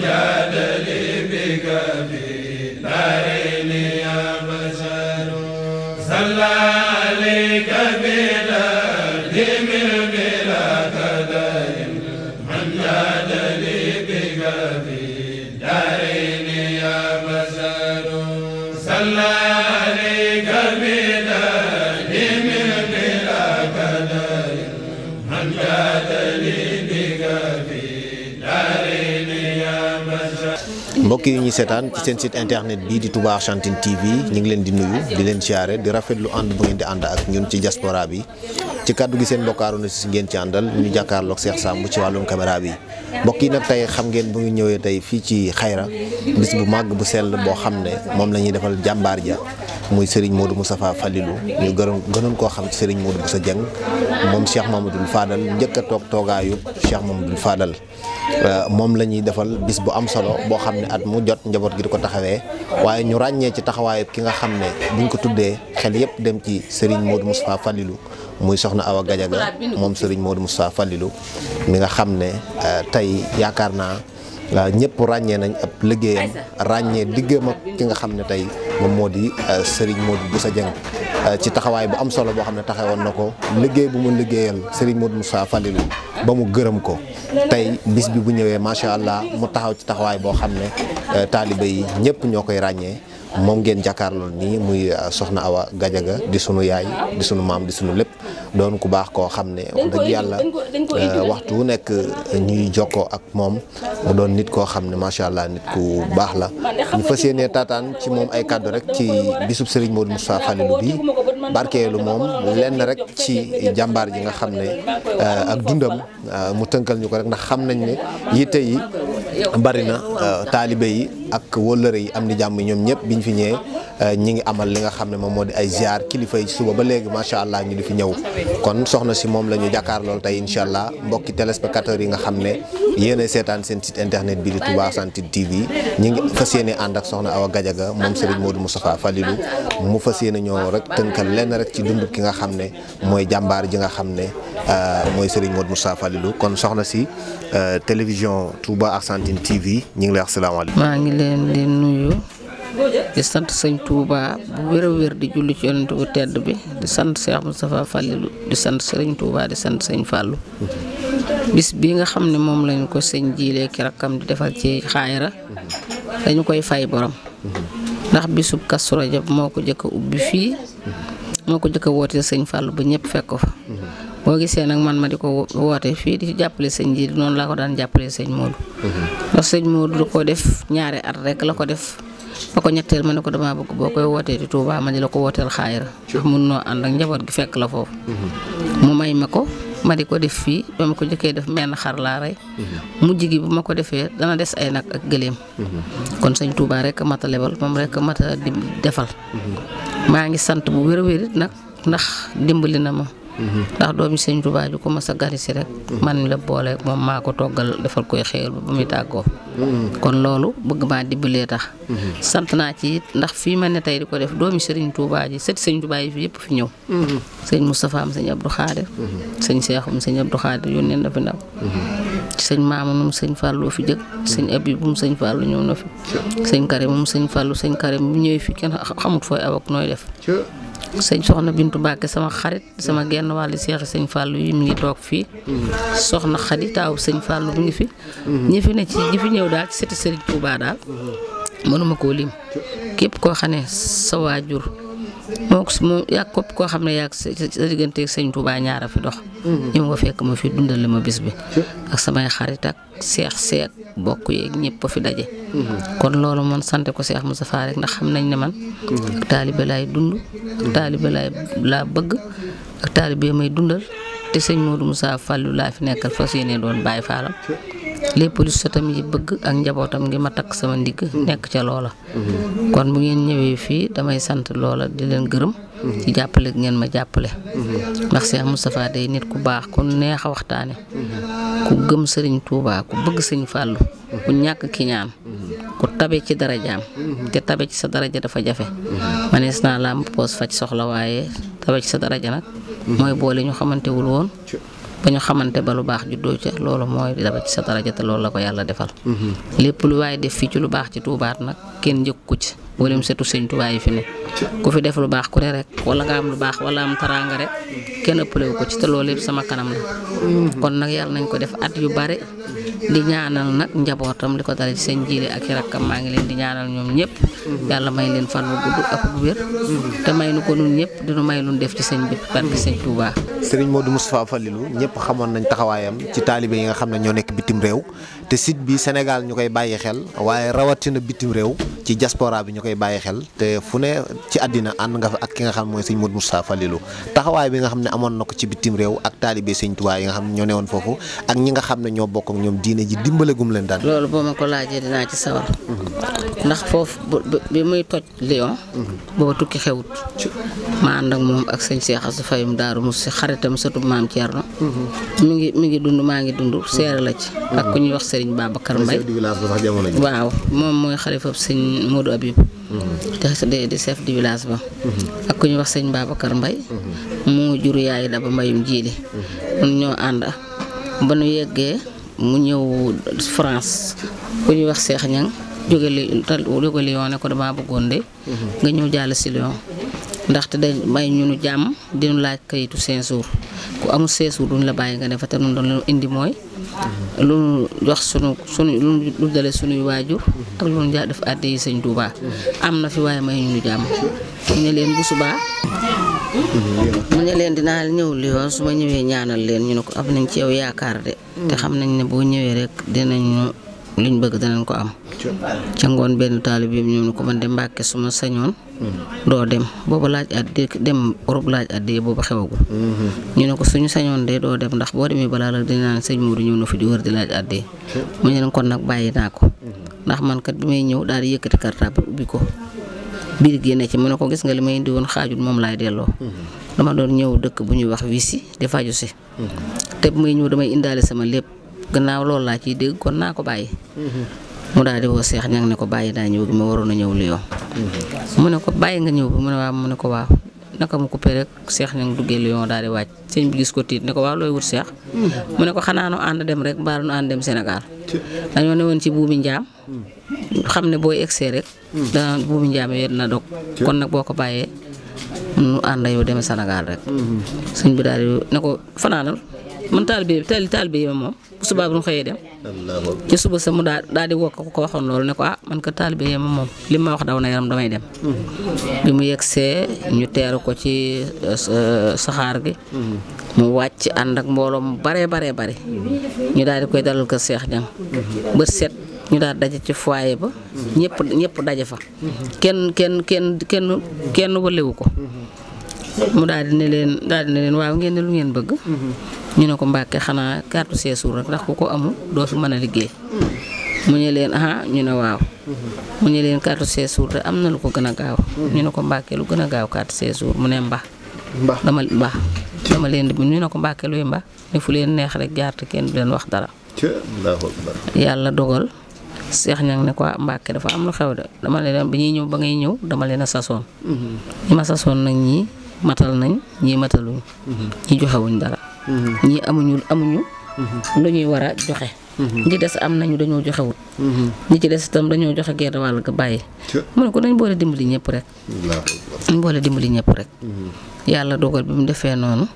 Alayka bi mbokk yi ñu seetaan ci seen site internet bi di Touba Argentine TV ñu ngi leen di nuyu di leen siyaare di rafetlu ànd bu ngeen di ànd ak ñun ci diaspora bi ci kàddu gi seen mbokkaaru na si ngeen ci àndal ñu jàkkaarloog Cheikh Samb ci wàllum caméra bi mbokk yi nag tey xam ngeen bu ngi ñëwee tey fii ci xayra bis bu màgg bu sell boo xam ne moom la ñuy defal jàmbaar ja muy Serigne Modou Moustapha Fallilou ñu gërëm gënoon koo xam ci Serigne Modou Boussa Dieng moom Cheikh Mamadou Fadal njëkk a toog toogaayu Cheikh Mamadou Fadal euh, moom la ñuy defal bis bu am solo boo xam ne at mu jot njaboot gi di ko taxawee waaye ñu ràññee ci taxawaayu ki nga xam ne buñ ko tuddee xel yëpp dem ci Serigne Modou Moustapha Fallilou muy soxna Awa Gadiaga moom Serigne Modou Moustapha Fallilou mi nga xam ne euh, tey yaakaar naa euh, ñëpp ràññee nañ ab liggéeyam ràññee diggam ak ki nga xam ne tey. moom moo di euh, Serigne bu sa Dieng euh, ci taxawaay bu am solo boo xam ne taxewoon na ko liggéey bu mu liggéeyal Serigne Modou Moussa Falilou ba mu gërëm ko tey bis bi bu ñëwee macha allah mu taxaw ci taxawaay boo xam ne euh, taalibe yi ñëpp ñoo koy ràññee. moom ngeen jàkkaarloo nii muy euh, soxna Awa Gadiaga di sunu yaay di sunu maam di sunu lépp doon ku baax koo xam ne dëgg yàlla euh, waxtu wu nekk euh, ñuy jokkoo ak moom mu doon nit koo xam ne macha allah nit ku baax la ñu fas yéenee taataan ci moom ay kàddu rek ci bisub Serigne Modou Moustapha Falilou bii barkeelu moom lenn rek ci jàmbaar ji nga xam ne ak dundam mu tënkal ñu ko rek ndax xam nañ ne yitte yi bari na euh, taalibe yi ak wóllëre yi am ni jàmm ñoom ñëpp ñu fi ñëwee euh, ñi ngi amal li nga xam ne moom moo di ay ziar kilifa yi suba ba léegi macha allah ñu di fi ñëw kon soxna si moom la ñu jàkkaar lool tey incha allah mbokki téléspectateurs yi nga xam ne yéen seetaan seen site internet bi di Touba Argentine TV ñi ngi fas yéene ànd ak soxna a gajaga moom Serigne Modou Moustapha Falilou mu fas yéene ñoo rek tënkal lenn rek ci dund ki nga xam ne mooy jàmbaar ji nga xam ne euh, mooy Serigne Modou Moustapha Falilou kon soxna si télévision Argentine TV ñu ngi lay wax salaamaaleykum. maa ngi leen di nuyu di sant sañ Touba bu wér wér di julli ci yonent bu tedd bi di sant Cheikh Moustapha Fallilou di sant sëriñ Touba di sant sëñ fàllu bis bi nga xam ne moom lañ ko sëñ jiilee ki rakkam di defal ci xaayara dañu koy fay borom. ndax bisub Kazu Rajab moo ko jëkk a ubbi fii. moo ko jëkk a wootee sëñ Fallou ba ñëpp fekk fa. boo gisee nag man ma di ko woote fii di jàppale sëñ ji noonu laa ko daan jàppalee sëñ Modou. ndax sëñ Modou du ko def ñaari at rekk la ko def ba ko ñetteel ma ne ko damaa bëgg boo koy wootee di Touba ma ne la ko wooteel xaayira ndax mun noo ànd ak njaboot gi fekk la foofu mm-hmm. mu may ma ko ma di ko def fii ba ko njëkkee def menn xar laa rey mm-hmm. mujj gi bu ma ko defee dana des ay nag ak gëléem mm-hmm. kon sëñ Touba rek mata lebal moom rekk mat di defal maa ngi sant bu wér-wér nag ndax dimbali na ma ndax doomi sëñ Tuubaa ju ko mas a gari rek man la boole moom maa ko toggal defal koy xéewal ba muy tàggoo kon loolu bëgg maa dimbalee tax sant naa ci it ndax fii man ne tey di ko def doomi sëriñ Tuubaa ji sët sëñ Tuubaa fi yëpp fi ñëw sëñ Moustapha am sëñ Abdou Khadir sëñ Seexum sëñ Abdou Khadir yónnee na fi ndaw sëñ Maamunum sëñ Fàllu fi jëkk sëñ Abibum sëñ Fàllu ñëw na fi sëñ Karimum sëñ Fàllu sëñ Karim bu ñëwee fi kenn xamut fooy aw nooy def sëñ soxna Bintu Mbàkke sama xarit sama genn wàll seex sëñ fàll yi mu ngi toog fii. soxna Xadi taaw sëñ Fallou mu ngi fi. ñi fi ci ñi fi ñëw daal ci sëti sëriñ Touba daal. mënuma koo lim képp koo xam ne sa waajur. moo ko moom yàgg kopp koo xam ne yàgg sa sa digganteeg sëñ ñaar a fi dox. Mm-hmm. ñu ma fekk ma fi dundal la ma bis bi. ak samay xarit ak seex seek bokk yeeg ñëpp a fi daje. Mm-hmm. kon loolu man sante ko seex Moustapha rek ndax xam nañ ne man. Mm-hmm. ak taalibe laay dund. ak taalibe laay laa bëgg. ak taalibe may dundal te sëñ moo du musaa Fallou laa fi nekkal fas seenee doon bàyyi faalam. lépp lu sëtam yi bëgg ak njabootam ngi ma takk sama ndigg nekk ca loola mhm. kon bu ngeen ñëwee fii damay sant loola di leen gërëm ci mhm. jàppale ngeen ma jàppale mhm. ndax Cheikh Moustapha day nit ku baax ku neex a waxtaane ku gëm sëriñ Touba ku bëgg sëñ Fàllu ku ñàkk ki ñaan ku tabe ci darajaam te tabe ci sa daraja dafa jafe manees naa laa poos faj soxla waaye tabe ci sa daraja nag mooy boole ñu xamantewul woon ba ñu xamante ba lu baax juddoo ca loolu mooy daba ci sa daraja te loolu la ko yàlla defal. Mm-hmm. lépp lu waaye def fii ci lu baax ci tuubaat nag kenn njëkk ko ci wala mu setu sëñ Tuubaa fi ne ku fi def lu baax ku ne rek wala nga am lu baax wala am taraanga rek kenn ëppalewu ko ci te loolu yëpp sama kanam la. Mm-hmm. kon nag yàlla nañ ko def at yu bare. di ñaanal nag njabootam li ko dale ci seen jiile ak i rakkam maa ngi leen di ñaanal ñoom ñëpp mhm. yàlla may leen fan wu gudd ak gu wér mhm. te may nu ko noonu ñëpp dinu may lu def ci sëñ bi barke sëñ Touba moo Modou Moustapha Fallilou ñëpp xamoon nañ taxawaayam ci taalibe yi nga xam ne ñoo nekk bitim réew te site bi Sénégal ñu koy bàyyi xel waaye rawatina bitim réew ci diaspora bi ñu koy bàyyi xel te fu ne ci àddina ànd nga fa ak ki nga xam mooy sëñ Modou Moustapha Falilou taxawaay bi nga xam ne amoon na ko ci bitim réew ak taalibe sëñ Tuubaa yi nga xam ñoo newoon foofu ak ñi nga xam ne ñoo bokk ak ñoom diine ji dimbale gum leen daan. loolu boo ma ko laajee dinaa ci sawar. ndax foofu bi muy toj Lyon. booba tukki xewut. ma ànd ak moom ak sëñ Cheikh Assou Faye mu Daaru Musi xaritam sëtu maam na mu mhm. ngi mi ngi dund maa ngi dund seere la ci. ak ku ñuy wax sëriñ Babacar Mbaye waaw moom mooy xalifa sëñ Modou Abib di di chef du village ba mhm. ak ku ñu wax sëñ Babacar Mbaye mhm. moo jur yaay da ba mbayum jiili mhm. ñun ñoo ànd ba nu yeggee mu ñëw France ku ñu wax Seex Ñang jóge Lyon ne ko damaa bëggoon de nga ñëw jàll si Lyon ndaxte day may ñunu jàmm dinu laaj kayitu 5 jours ku amul seesu duñ la bàyyi nga ne fa te nun doon lu indi mooy lu nu jox sunu sunu lu nu dundale sunuy waajur ak lu nu jaa def àdde yi sëñ Tuubaa am na fi waaye may ñu jàmm mu ne leen bu subaa mu ne leen dinaa ñëw Lyon su ma ñëwee ñaanal leen ñu ne ko am nañ ci yow yaakaar de te xam nañ ne boo ñëwee rek dinañu liñ bëgg danañ ko am ca ngoon benn taalibeem ñëw ne ko man de Mbàkke suma ma sañoon doo dem booba laaj at di dem Europe laaj at di xew xewagul ñu ne ko suñu sañoon de doo dem ndax boo demee balaa la dinaa sëñ Moodu ñëw na fi di wër di laaj at di mu ne leen nag bàyyi naa ko ndax man kat bi may ñëw daal di yëkkati kartaab ubbi ko biir gi ci mu ne ko gis nga li may indi woon xaajut moom laay delloo dama doon ñëw dëkk bu ñuy wax wisi di faju si te bu may ñëw damay sama lépp gannaaw loolu laa ciy dégg kon naa ko bàyyi. mu daa di woo Seex ñang ne ko bàyyi daa ñëw gi ma waroon a ñëw Lyon. mu ne ko bàyyi nga ñëw bi mu ne waaw mu ne ko waaw naka mu coupé rek Seex ñang duggee Lyon daal di wàcc sëñ bi gis ko tiit ne ko waaw looy wut Seex. mu ne ko xanaa nu ànd dem rek mbaa nu ànd dem Sénégal. dañoo newoon ci buumi njaam. xam ne booy egsee rek. dana buumi njaam yooyu dina dog. kon nag boo ko bàyyee nu ànd yow dem Sénégal rek. sëñ bi daal di ne ko fanaanal man taalibe bi taali taalibe moom bu subaa bu ñu xëyee dem. ci suba sa mu daal daal di woo ko ko waxoon loolu ne ko ah man ko taalibe bi moom li ma wax daw na yaram damay dem. Hmm. bi mu yegsee ñu teeru ko ci eh, eh, saxaar gi. Hmm. mu wàcc ànd ak mbooloo mu baree baree bari. Hmm. ñu daal di koy dalal ko Seex Jang bët set ñu daal daje ci foyer ba. ñëpp ñëpp daje fa. kenn kenn kenn kenn kenn wëlewu ko. mu daal di ne leen daal di ne leen waaw ngeen ne lu ngeen bëgg. Mm-hmm. ñu ne ko mbàkke xanaa carte séjour rek ndax ku ko amul doo su mën a liggéey. Mm-hmm. mu ne leen ah ñu ne waaw. Mm-hmm. mu ne leen carte séjour te am na lu ko gën a gaaw. ñu ne ko mbàkke lu a gaaw carte séjour mu ne mba. mba dama mba dama leen di ñu ne ko mbàkke luy mba ne fu leen neex rek jaar kenn du leen wax dara. yàlla dogal. seex ñang ne ko ah, Mbàkke dafa am lu xew de dama leen ba ñuy ñëw ba ngay ñëw dama leen a sasoon ñi ma sasoon nag ñii matal nañ ñii mataluñ ñi joxewuñ dara mm-hmm. ñii amuñu amuñu mm-hmm. lu ñuy war a joxe mm-hmm. ñi des am nañu dañoo joxewut ñi ci des itam dañoo joxe genn wàll ga bàyyi mu ne ko dañ boole dimbali ñëpp rek dañ boole dimbali ñëpp rek yàlla dogal bi mu defee noonu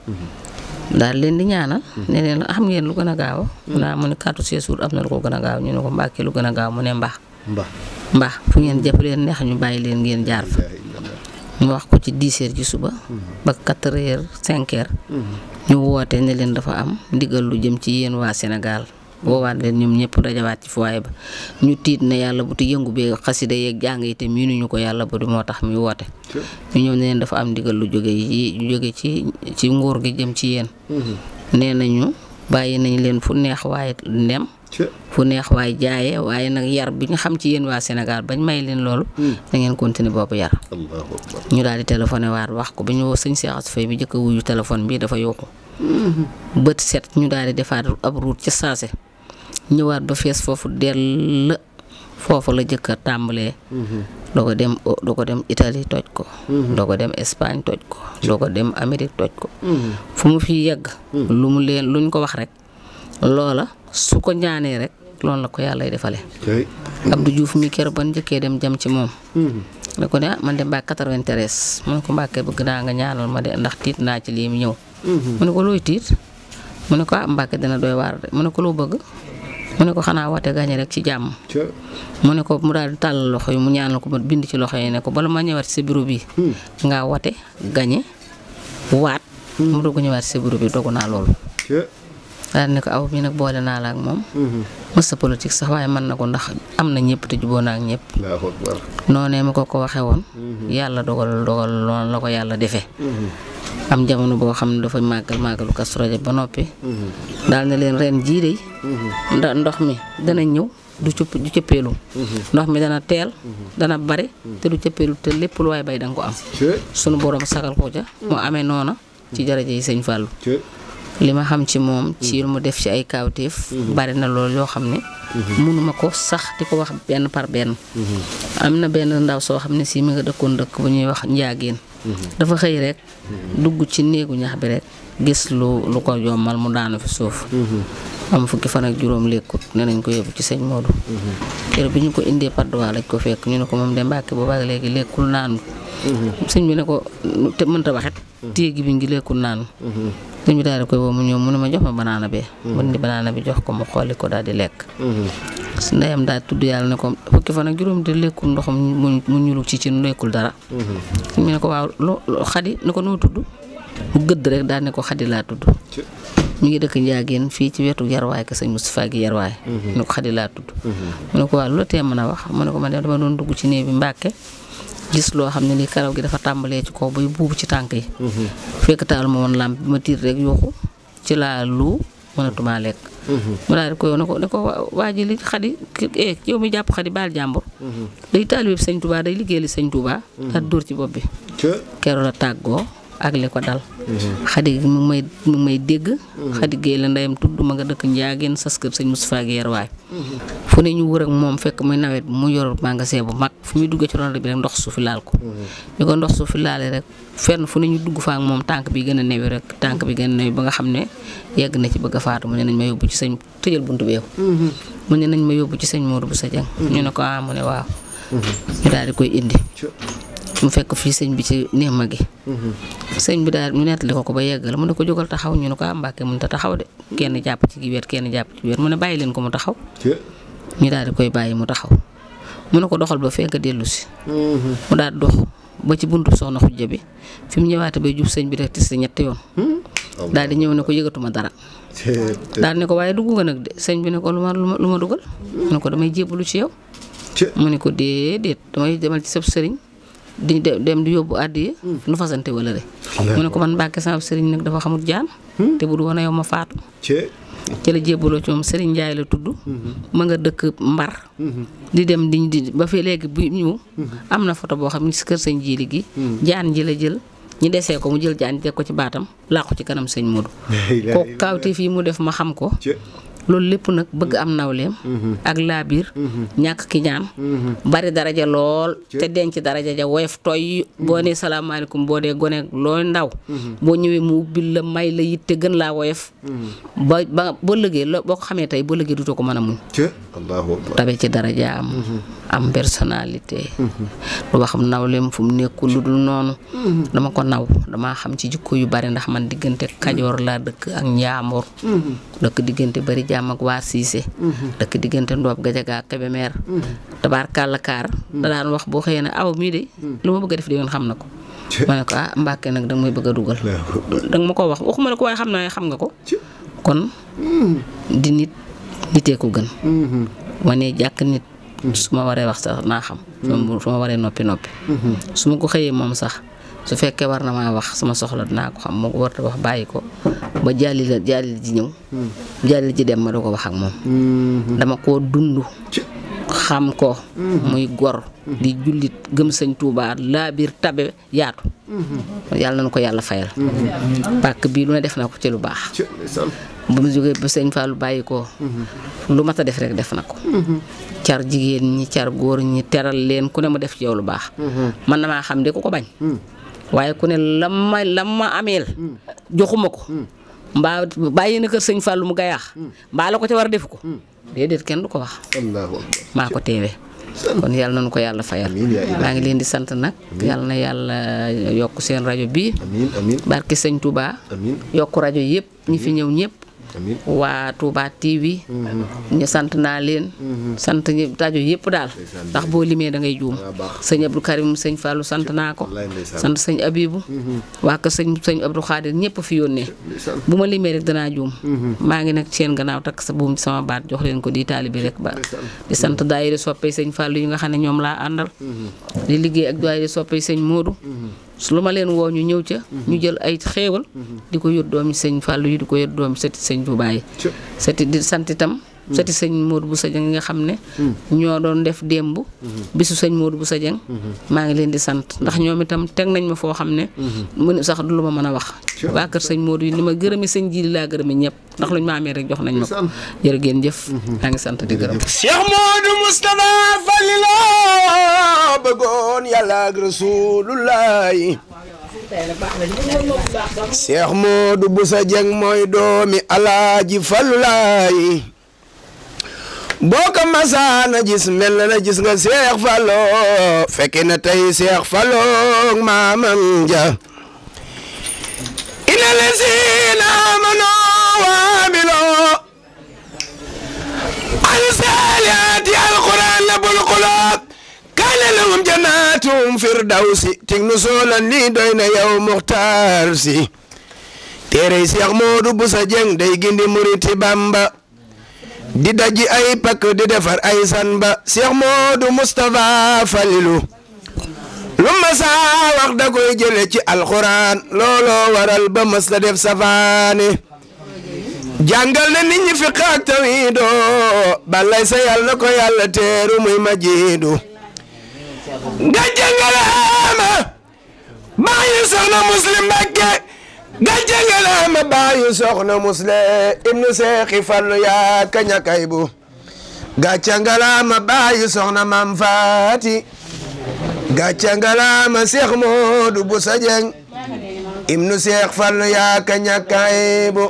daal leen di ñaanal ne leen xam ngeen lu gën a gaaw naa mu ne kàttu seesuur am na lu ko gën a ñu ne ko mbàkkee lu gën a mu ne mbaax mbaax fu ngeen jàpp leen neex ñu bàyyi leen ngeen jaar fa ñu wax ko ci dix heures suba. Mm-hmm. ba quatre heures cinq heures. Mm-hmm. ñu woote ne leen dafa am ndigal lu jëm ci yéen waa senegal woowaat leen ñoom ñëpp dajawaat ci foyer ba ñu tiit ne yàlla bu ti yëngu bee xasida yeeg jàng yi te miinuñu ko yàlla bu di moo tax muy woote. ñu ñëw ne dafa am ndigal lu jóge yi jóge ci ci nguur gi jëm ci yéen. Mm-hmm. nee nañu bàyyi nañ leen fu neex waaye dem. fu neex waaye jaayee waaye nag yar bi ñu xam ci yéen waa Sénégal bañ may leen loolu. da hmm. ngeen continuer boobu yar. ñu daal di téléphoné waat wax ko bi ñu woo sëñ Cheikh Fay bi njëkk a wuyu téléphone bi dafa yokku. Hmm. bët set ñu daal di defaat ab route ci saase. ñëwaat ba fees foofu dell foofu la jëkka a tàmbalee. Hmm. doo ko dem doo ko dem Italie toj ko. doo ko dem Espagne toj ko. doo ko dem Amérique toj ko. fu mu fi yegg. lu mu leen luñ ko wax rek loola. su ko ñaanee rek loolu la ko defale defalee du Diouf mi kër ban njëkkee dem jam ci moom ne hmm. ko ne ah, man de mbaa 93 mu ne ko mbàkkee bëgg naa ma de ndax tiit naa ci lii mu ñëw hmm. mu ne ko looy ko ah mbàkke dina doy waar de mu ne ko loo bëgg mu ne ko xanaa wate gaañe rek ci jàmm mu ne ko mu daal di tàll loxo yi mu ñaanal ko ma bind ci loxo yi ne ko ba bala ma ñëwaat sa bureau bi hmm. nga wate gañe waat mu doog ñëwaat si bureau bi dogu naa loolu daal ne ko aw bi nag boole naa la ak moom. mësta mhm. politique sax waaye mën na ko ndax am na ñëpp te juboo naa ak ñëpp. noonee ma ko ko waxee woon. Mhm. yàlla dogal dogal lool la ko yàlla defee. Mhm. am jamono boo xam ne dafa màggal màggalu Kazu Rajab ba noppi. daal na leen ren jii de. ndox mi dana ñëw. du cëpp du cëppeelu ndox mi dana teel dana bari te du cëppeelu te lépp lu waay bay danga ko am sunu borom sagal ko mu amee noona ci jaraje yi sëñ li ma xam ci moom. Mm-hmm. ci mu def ci ay kaawteef. Mm-hmm. bari na loolu yoo xam ne. Mm-hmm. mënuma ko sax di ko wax benn par benn. am na benn ndaw soo xam ne si mu nga dëkkoon dëkk bu ñuy wax njaageen. dafa xëy rek. dugg ci néegu ñax bi rek. gis lu lu ko jommal mu daanu fi suuf mhm. am fukki fan ak juróom lékkut ne nañ ko yóbbu ci sëñ Modou mhm. kër bi ñu ko indee padduwaa lañ ko fekk ñu ne ko moom de Mbàkke boobaak léegi lékkul naanu mhm. sëñ bi ne ko te mënta waxet téye gi bi ngi lékkul naanu sëñ bi daal di koy woo mu ñëw mu ne ma jox ma banaana bi mu indi banaana bi jox ko mu xooli ko daal di lekk su ndeyam daal tudd yàlla ne ko fukki fan ak juróom di lekkul ndoxam mu ñulug ci ci nu lekkul dara sëñ bi ne ko waaw lo ne ko noo tudd mu gëdd rek daal ne ko xadi laa tudd. mu ngi dëkk Ndiagéen fii ci wetu yarwaay ka sëñ Moustapha gi yarwaay. Mhm. ne ko xadi laa tudd. Mhm. mu ne ko waa lu la tee mën a wax mu ne ko man dama doon dugg ci néeg bi gis loo xam ne ni karaw gi dafa tàmbalee ci kaw buubu ci tànk yi. Mhm. fekk taal ma woon ma tiit rek yuuxu ci laa lu mënatumaa lekk. mu daal di ko ne ko ne ko waa ji li xadi eh yow mi jàpp xadi baal jàmbur. day taalibe sëñ Touba day liggéeyal sëñ Touba. daal dóor ci bopp bi. keroog la tàggoo ak li ko dal. xadi mu may mu may dégg xadi géey la ndeyam tudd ma nga dëkk njaageen sas kër sëñ Moustapha Guèye waay fu ne ñu wër ak moom fekk muy nawet mu yor magasin bu mag fu muy duggee ci ronde bi rek ndox suufi laal ko ñu ko ndox suufi laale rek fenn fu ne ñu dugg fa a newi bi gën a newi ba nga xam ne yegg na ci bëgg a faatu mu ne nañ ma yóbbu ci sëñ tëjal buntu bi yow mu ne nañ ma yóbbu ci sëñ bu sa jang ñu ne ko ah ne waaw ñu daal di koy indi mu fekk fii sëñ bi ci néema gi. sëñ bi daal ñu nettali ko ko ba yeggal mu ne ko jógal taxaw ñu ne ko ah Mbàkke mënut a taxaw de kenn jàpp ci gi wet kenn jàpp ci wet mu ne bàyyi leen ko mu taxaw. ñu daal di koy bàyyi mu taxaw mu ne ko doxal ba fekk dellu si. Mm-hmm. mu daal dox ba ci buntu soxna xujja bi fi mu ñëwaate bay jub sëñ bi rek tis si ñetti yoon. Hmm? daal di ñëw ne ko yëgatuma dara. daal ne ko waaye dugg nga nag lu ma lu ma dugal. mu ne ko damay jébbalu ci yow. mu ne ko déedéet damay demal ci sab sëriñ. di dem di yóbbu àddi hmm. nu fasante wala de mu ne ko man Mbàkke sama sëriñ nag dafa xamut jaan hmm? te bu du woon a ma faatu ci la jébbaloo ci moom Serigne Ndiaye la tudd. Hmm. ma nga dëkk Mbar. di dem di di ba fi léegi bu ñëw. am na foto boo xam ne si kër sañ Jili gi. jaan ji la jël ñu desee ko mu jël jaan ji teg ko ci baatam làqu ci kanam sañ Modou. kooku kawti fii mu def ma xam ko. loolu lépp nag bëgg am nawleem mhm. ak biir mhm. ñàkk ki ñaan mhm. bari daraja lool te denc daraja ja woyof toy boo nee salaamaaleykum boo dee gone lool ndaw boo ñëwee mu ubbil la may la te gën laa woyof ba ba boo lëgee la boo ko xamee tey boo lëgee dutoo ko man a muñ tabe ci daraja am am personnalité lu waxam nawleem fu mu nekkul lu dul noonu dama ko naw dama xam ci jikko yu bari ndax man diggante kajoor laa dëkk ak njaambur dëkk diggante bari jàmm ak waa Cissé. Mhm. dëkk diggante Ndoob Gajaga ak Kébémer. Mhm. tabaarkàlla kaar. Mhm. da daan wax boo xëyee ne aw mii de. lu ma bëgg a def di yoon xam na ko. ma ne ko ah Mbàkke nag danga may bëgg a dugal. danga ma ko wax waxuma ne ko waaye xam naa xam nga ko. kon di nit nitee ko gën. wane jàkk nit. su ma waree wax sax naa xam. su ma waree noppi noppi. su ma ko xëyee moom sax. su fekkee war na maa wax sama soxla dinaa ko xam moo war a wax bàyyi ko ba jàlli la jàlli ji ñëw hmm. jàlli ji dem ma doo ko wax ak moom hmm. dama koo dund xam ko hmm. muy gor di jullit gëm sëñ Tuubaa laa biir tabe yaatu yàlla na ko yàlla fayal pàkk bii lu ne def ko lu baax ba mu jógee ba def def na ko car jigéen ñi car góor ñi teral leen ku ne mu def ci yow lu baax man na maa xam de ku ko bañ waaye ku ne lam ma lam ma ameel mm. joxuma ko mm. mbaa bàyyi na kër sëñ Fallou mu gayaax mm. mbaa la ko ca war a def ko déedéet kenn du ko wax maa ko teewee kon yàlla nañu ko yàlla fayal maa ngi leen di sant nag yàlla na yàlla yokk seen rajo bii barke sëñ Touba yokk rajo yëpp ñi fi ñëw ñëpp waa Touba TV. Mhm. ñu sant naa leen. Mhm. sant ñi rajo yëpp daal. ndax boo limee da ngay juum. sëñ Abdou Karim sëñ Fallou sant naa ko. sant sëñ Abibou. Mhm. waa ko sëñ sëñ Abdou Khadir ñëpp fi yónnee. bu ma limee rek danaa juum. maa ngi nag seen gannaaw takk sa buum sama baat jox leen ko di taali bi rek ba. di sant daayira soppee sëñ Fallou yi nga xam ne ñoom laa àndal. di liggéey ak daayira soppee sëñ Modou. lu ma leen woo ñu ñëw ca. ñu jël ay xéewal. di ko yor doomi sëñ Fallou yi di ko yor doomi sëti sëñ Touba yi. di sant itam sëti sëñ Modou bu sa yi nga xam ne ñoo doon def démb bisu sëñ Modou Bousso Dieng maa ngi leen di sant ndax ñoom itam teg nañ ma foo xam ne mu sax du lu ma mën a wax waa kër sëñ yi ni ma gërëmi sëñ Jili laa gërëmi ñëpp ndax luñ ma rek jox nañ ma ko jërë ngeen jëf maa ngi sant di gërëm Cheikh Modou Moustapha Fali la bëggoon yàlla ak rasulullahi mooy doomi alaaji Falulaay boo ko masaana gis mel na na gis nga seex falo fekke na tey seex falo maamam ja ina lesina amano waamilo al saaliyaati al quraan la bul quloob kaana lahum janaatum firdawsi tig nu soolan lii doy na yow muxtaar si téere seex moodu busa jeng day gindi muriti bamba di daji ay pakk di defar ay san Cheikh Modou Moustapha Falilou lu ma saa wax da koy jële ci alxuraan looloo waral ba mës la def safaane jàngal na nit ñi fiq ak tawiido balay sa yàlla na ko yàlla teeru muy majiidu nga jàngalaama bàyyi soxna muslim Mbàkke gal jëngalaa ma soxna musle ibnu seexi fallu yaa kañakay bu gàccangalaa ma bàyyi soxna mam faati gàccangalaa seex moodu bu sa ibnu seex fallu yaa kañakay bu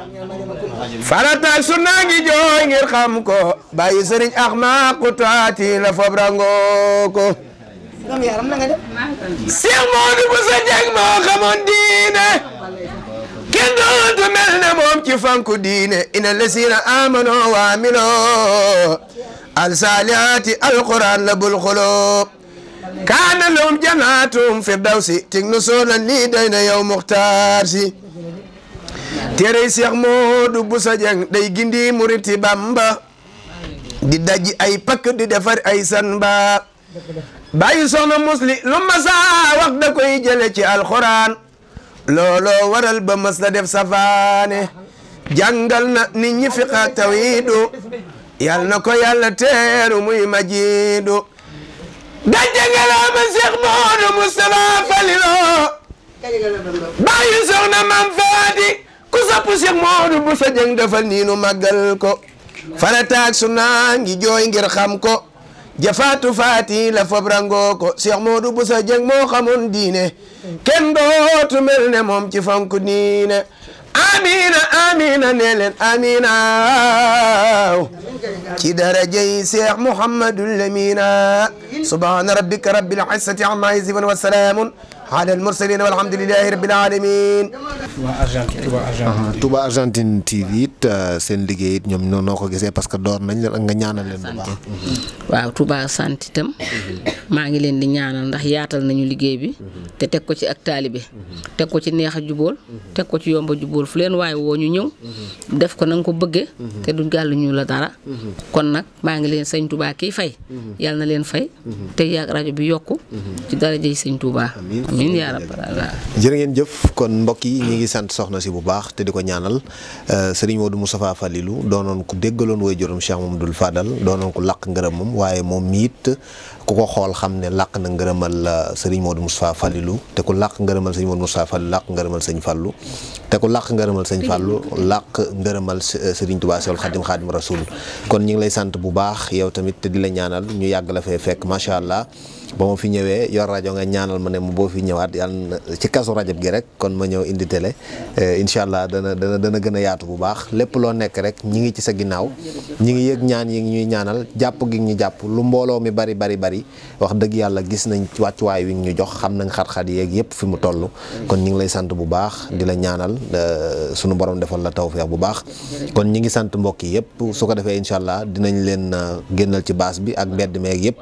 farataak sunna ngi jooy ngir xam ko bàyyi sëriñ axmaa ku taati la fob rangoo seex moodu bu sa jeng moo diine kenn dootu janaatum firdawsi tig nu soonan lii day na yow muxtaar si téere Seex Busa Jeng day gindi muriti Bamba di daj ay pakk di defar ay sanba bàyyi soxna musli lu masa wax da koy jële ci alquran looloo waral ba mës la def safaane jàngal na nit ñi fiqa tawiidu na ko yàlla teeru muy majiidu dajjangalaama Cheikh Maodo Moustapha Falilo bàyyi soxna mam faati ku sopp Cheikh Maodo bu sa jëng defal niinu màggal ko farataak su naa jooy ngir xam ko jafaatu faati la fob rangoo ko Cheikh Modou Bousso Dieng moo xamoon diine kenn dootu mel ne moom ci fonk diine amina amina nee leen amina ci darajay Cheikh Mouhamadul Amina subhaana rabbika rabbil izzati amma yasifun wa salaamun ala almursalin walhamdulilahi rabbil alamin Touba Argentine TV it euh, seen liggéey it ñoom noo ko gisee parce que door nañ leen nga ñaanal leen bu baax waaw tubaa sant itam maa ngi leen di ñaanal ndax yaatal nañu liggéey bi te teg ko ci ak taalibe teg ko ci neex a jubóol teg ko ci yomba jubóol fu leen waaye woo ñu ñëw def ko na ko bëggee te du gàll ñu la dara kon nag maa ngi leen sëñ Touba kiy fay yàlla na leen fay te yàgg rajo bi yokk ci daraja yi sëñ Touba amiin yaa ngeen jëf kon mbokk yi ñu ngi sant soxna si bu baax te di ko ñaanal euh, sëriñ Modou Moustapha Falilou doonoon ku déggaloon way juróom Cheikh Mamadou Fadal doonoon ku làq ngërëmam waaye moom miit ku ko xool xam ne làq na ngërëmal euh, sëriñ Modou Moustapha Falilou te ku làq ngërëmal sëriñ Modou Moustapha Falilou làq ngërëmal sëñ Fallu te ku làq ngërëmal sëñ Fallu làq ngërëmal euh, sëriñ Tuubaa Seexul Xaadim Xaadim Rasuul kon ñu ngi lay sant bu baax yow tamit te di la ñaanal ñu yàgg la fee fekk macha allah ba ma fi ñëwee yor rajo nga ñaanal ma ne ma boo fi ñëwaat yàlla ci kasu rajab gi rek kon ma ñëw indi télé eh, incha allah dana dana dana gën a yaatu bu baax lépp loo nekk rek ñi ngi ci sa ginnaaw ñi ngi yëg ñaan yi ñuy ñaanal jàpp gi ñu jàpp lu mbooloo mi bari bari bari wax dëgg yàlla gis nañ wàccuwaay wi ñu jox xam nañ xat-xat yeeg yëpp fi mu toll kon ñi ngi lay sant bu baax di la ñaanal eh, sunu borom defal la taw tawfeex bu baax kon ñi ngi sant mbokk yi yëpp su ko defee incha allah dinañ leen eh, génnal ci baas bi ak mbedd meeg yëpp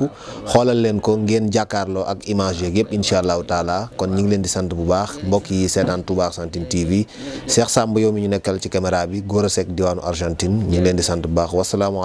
ngeen jàkkaarloo ak image yeeg yëpp incha allahu taala kon ñu leen di sant bu baax mbokk yi seetaan Touba Argentine TV Cheikh Samb yow mi ñu nekkal ci caméra bi Gora Seck diwaanu Argentine ñu ngi leen di sant bu baax